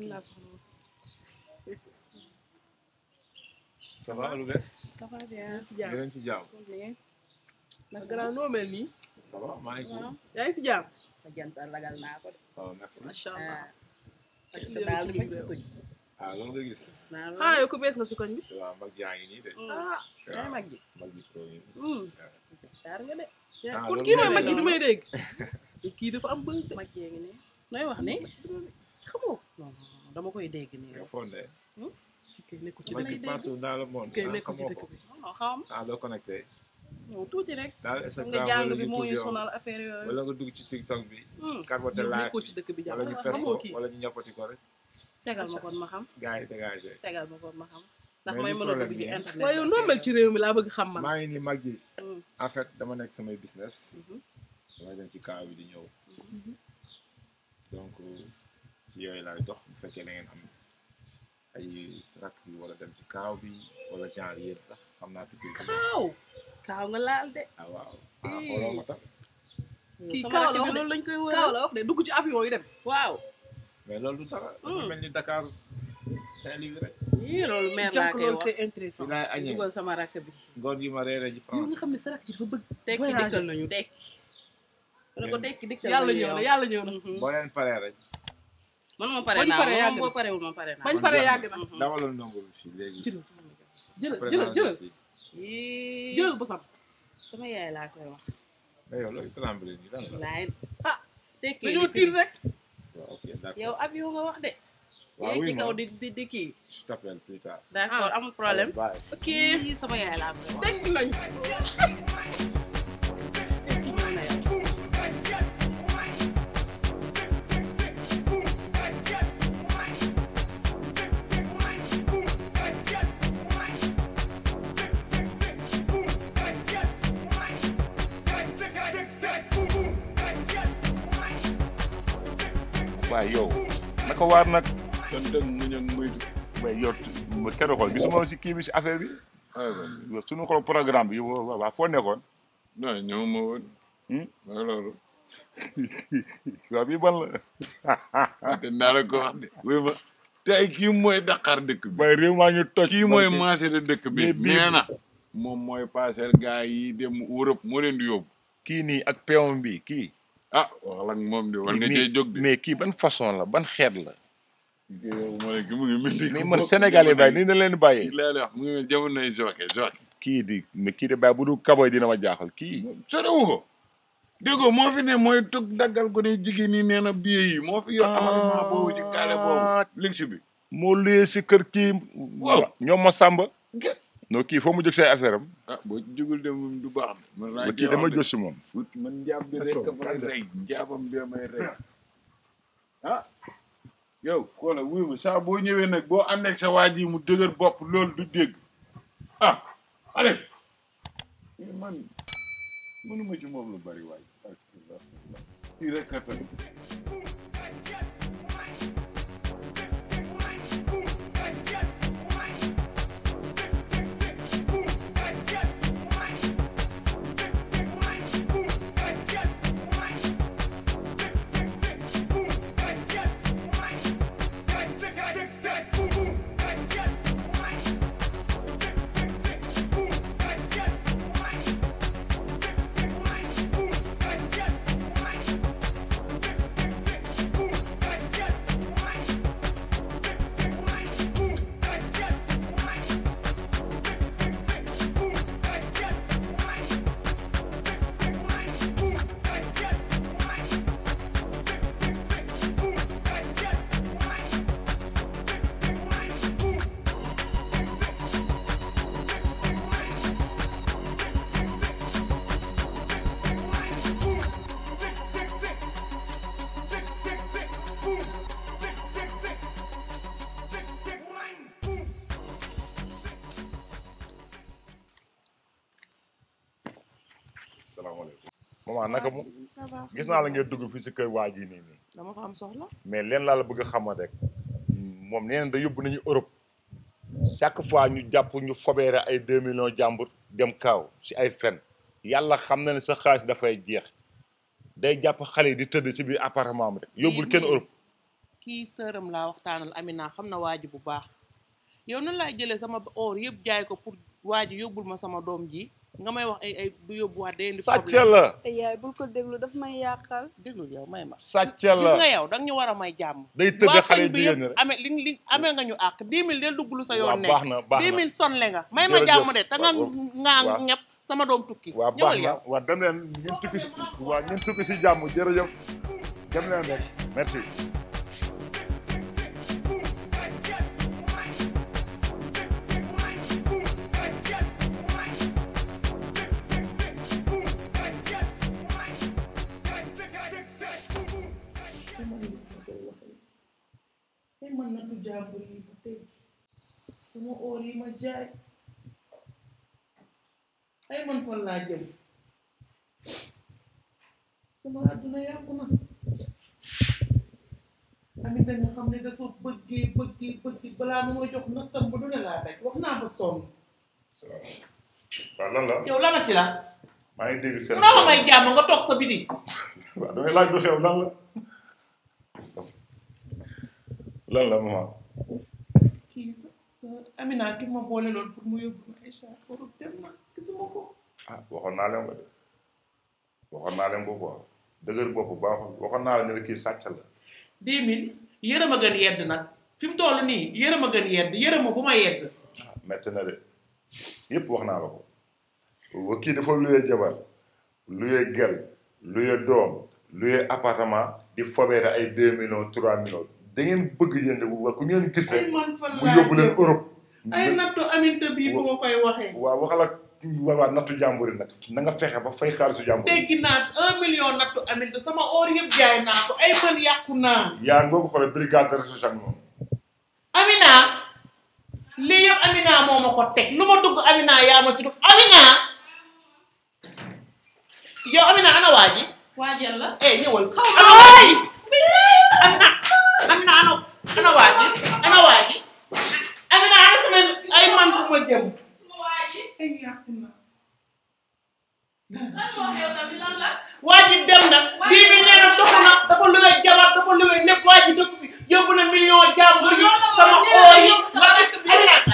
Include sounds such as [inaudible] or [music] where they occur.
gën laa soxla woon. ça va lu bees. ça va bien dinañ ci jaaw. ndax nii. ça va maa ngi si jaaw. sa jant lagal naa ko de. waaw ah, merci ah. ah, bi. waaw mag yaa ngi nii de. Mm. ah yaa mag ji. mag ji pro mm. mag ji du may dégg. [laughs] kii dafa am bës mag jee ne. may wax ne. xamoo. dama koy dégg nii rek. Hmm? kii nekkul ci dëkk bi partout dans le monde. kii nekkul ci dëkk bi ah, nga jàng bi moo dugg ci TikTok bi. Hmm. carboté laaj ci dëkk bi jàpp wala ñu pes wala ñu ko rek. ma kon ma xam. gars yi a dugg ci ci réew mi laa bëgg xam maa ngi nii mag hmm. fait dama nekk samay business. dama kaaw bi di ñëw. donc. Euh, ci yooyu laay dox bu fekkee da ngeen am ay rakk bi wala dem ci kaaw bi wala genre yéen sax xam naa tukki. kaaw kaaw nga laal de. ah waaw ah xooloo ma tam. Hmm, kii kaaw la lañ koy wëree de dugg ci avion yi dem waaw. mais loolu du dara. dafa hmm. mel ni Dakar Saint-Louis rek. yii loolu mer naa koy wax sama rakk bi. góor gi ma reere France. sa rakk ji dafa bëgg. tekki dikkal nañu tekki. yàlla ñëw na yàlla ñëw na. Mhm. boo man moom pare naa moom boo parewul moom pare naa. bañ pare yàgg na dawalal ndongo bi jëlal jëlal jëlal jëlal bosam. sama yaay laa koy wax. loolu tremble nii lan la. ah yow ab yow nga wax de. waaw oui ci kaw di di di kii. je t'appelle ah. amul problème. ok sama yaay laa koy wax. dégg nañu. waaye yow naka waar nag. dën dën mu ñëw muy. waaye yow keroog xool gisuma si kii bi si affaire bi. waaw suñu xool programme bi waaw foo nekkoon. non ñëw ma woon. waaw hmm? loolu. [laughs] [laughs] mooy Dakar dëkk bi. waaye réew maa ñu toj. kii mooy marché de dëkk bi. nee na moom mooy paaseel gars yi dem Europe leen di yóbbu. kii nii ak peon bi kii. ah wax moom de war nga cee mais kii ban façon la ban xeet la. mooy ki mu ngi ni. man Sénégalais bay ni na leen bàyyee. lay wax mu ngi mel jamonoy joxe joxe. kii di mais kii de bàyyi bu du kaboy dina ma jaaxal kii. soriwul ko. déggoo moo fi ne mooy tug daggal ko ne jigéen ñi nee na biye yi moo fi yor appartement boobu ci gaale boobu. Ah. liggéey bi. moo luyee si kër kii. waaw ñoom ma sàmba non kii foo mu jóg say affaire am. ah boo jógul de moom du baax. man naa kii dama jóg si moom. man njaab bi rek ka ma rey njaabam bi may rey koola ah, wuyu saa boo ñëwee nag boo ànd sa waa ji mu dëgër bopp loolu du dégg ah allez eh, man mënuma moom lu bari waay kii rek salaamaaleykum. maman naka mu gis naa la ngeen dugg fii si kër waa ji nii nii. dama fa am soxla. mais leen laa la bëgg a xamal rek moom nee da yóbbu nañu Europe chaque fois ñu jàpp ñu fobeere ay deux millions jàmbur dem kaaw si ay fen yàlla xam na ne sa xaalis dafay jeex day jàpp xale yi di tëdd si biir appartement am yóbbul kenn Europe. kii sërëm laa waxtaanal naa xam na waa ji bu baax yow nan laay jëlee sama or yëpp jaay ko pour waa ji yóbbul ma sama doom ji. nga may wax ay ay bu yóbbuwaat day indi sàcc la yaay bul ko déglu daf may yàqal déglu yow may ma sàcc la gis nga yow da nga ñu war a may jàmm day tëgg xale bi yëpp amee li li amee nga ñu àq dix mille dugg lu sa yoon ne baax na baax na dix mille sonle nga may ma jàmm de te nga ngaa ñëpp sama doom tukki waaw baax na waaw dem leen ñun tukki waaw ñun tukki si jàmm jërëjëf dem leen rek merci te man na tu jàmbur yi bu tey sama óor yi ma jaay ay man fan laa jëm sama àdduna yàqu na amit da nga ba du ne laa daj wax naa ba sonn waaw lan la yow lanati la maa ngi dégg seen munoo xam ay jàmm nga toog sa biti waaw damay laaj lu xew lan lan la maman. kii euh, Amina ki ma boole loon pour mu yóbbu Aïcha Europe dem na gisuma ko. ah waxoon naa leen ko de waxoon naa leen ko quoi dëgër bopp baaxul waxoon naa leen ne kii sàcc la. dix mille gën yedd nag fi mu toll nii yërëm gën yedd yërëma bu ma yedd. ah na de yëpp wax naa la ko. kii dafa luyee jabar luyee gel luyee doom. luy appartement di fobeere ay deux millions trois millions da ngeen bëgg yéen wa ku ngeen gis rek mu yóbbu leen Europe ay nattu aminte bii fu ma koy waxee waaw waxal ak waaw waaw nattu jàmbur yi nag na nga fexe ba fay xaalisu jàmbur teggi naa un million nattu aminte sama or yëpp jaay naa ko ay man yàqu naa yaa ngoo ko xoolee brigade de recherche ak noonu Amina lii yëpp Amina moo ma ko teg lu ma dugg Amina yaa ma ci dugg Amina yow Amina ana waa ji waajal la. eh ñëwal. xaw ma waay. Amina Amina ana ana waa ana waa ji Amina ana sama ay man fu ma jëm. waa ji dem na. bii bi nee na na dafa luwe jabar dafa luwe lépp sama oo yi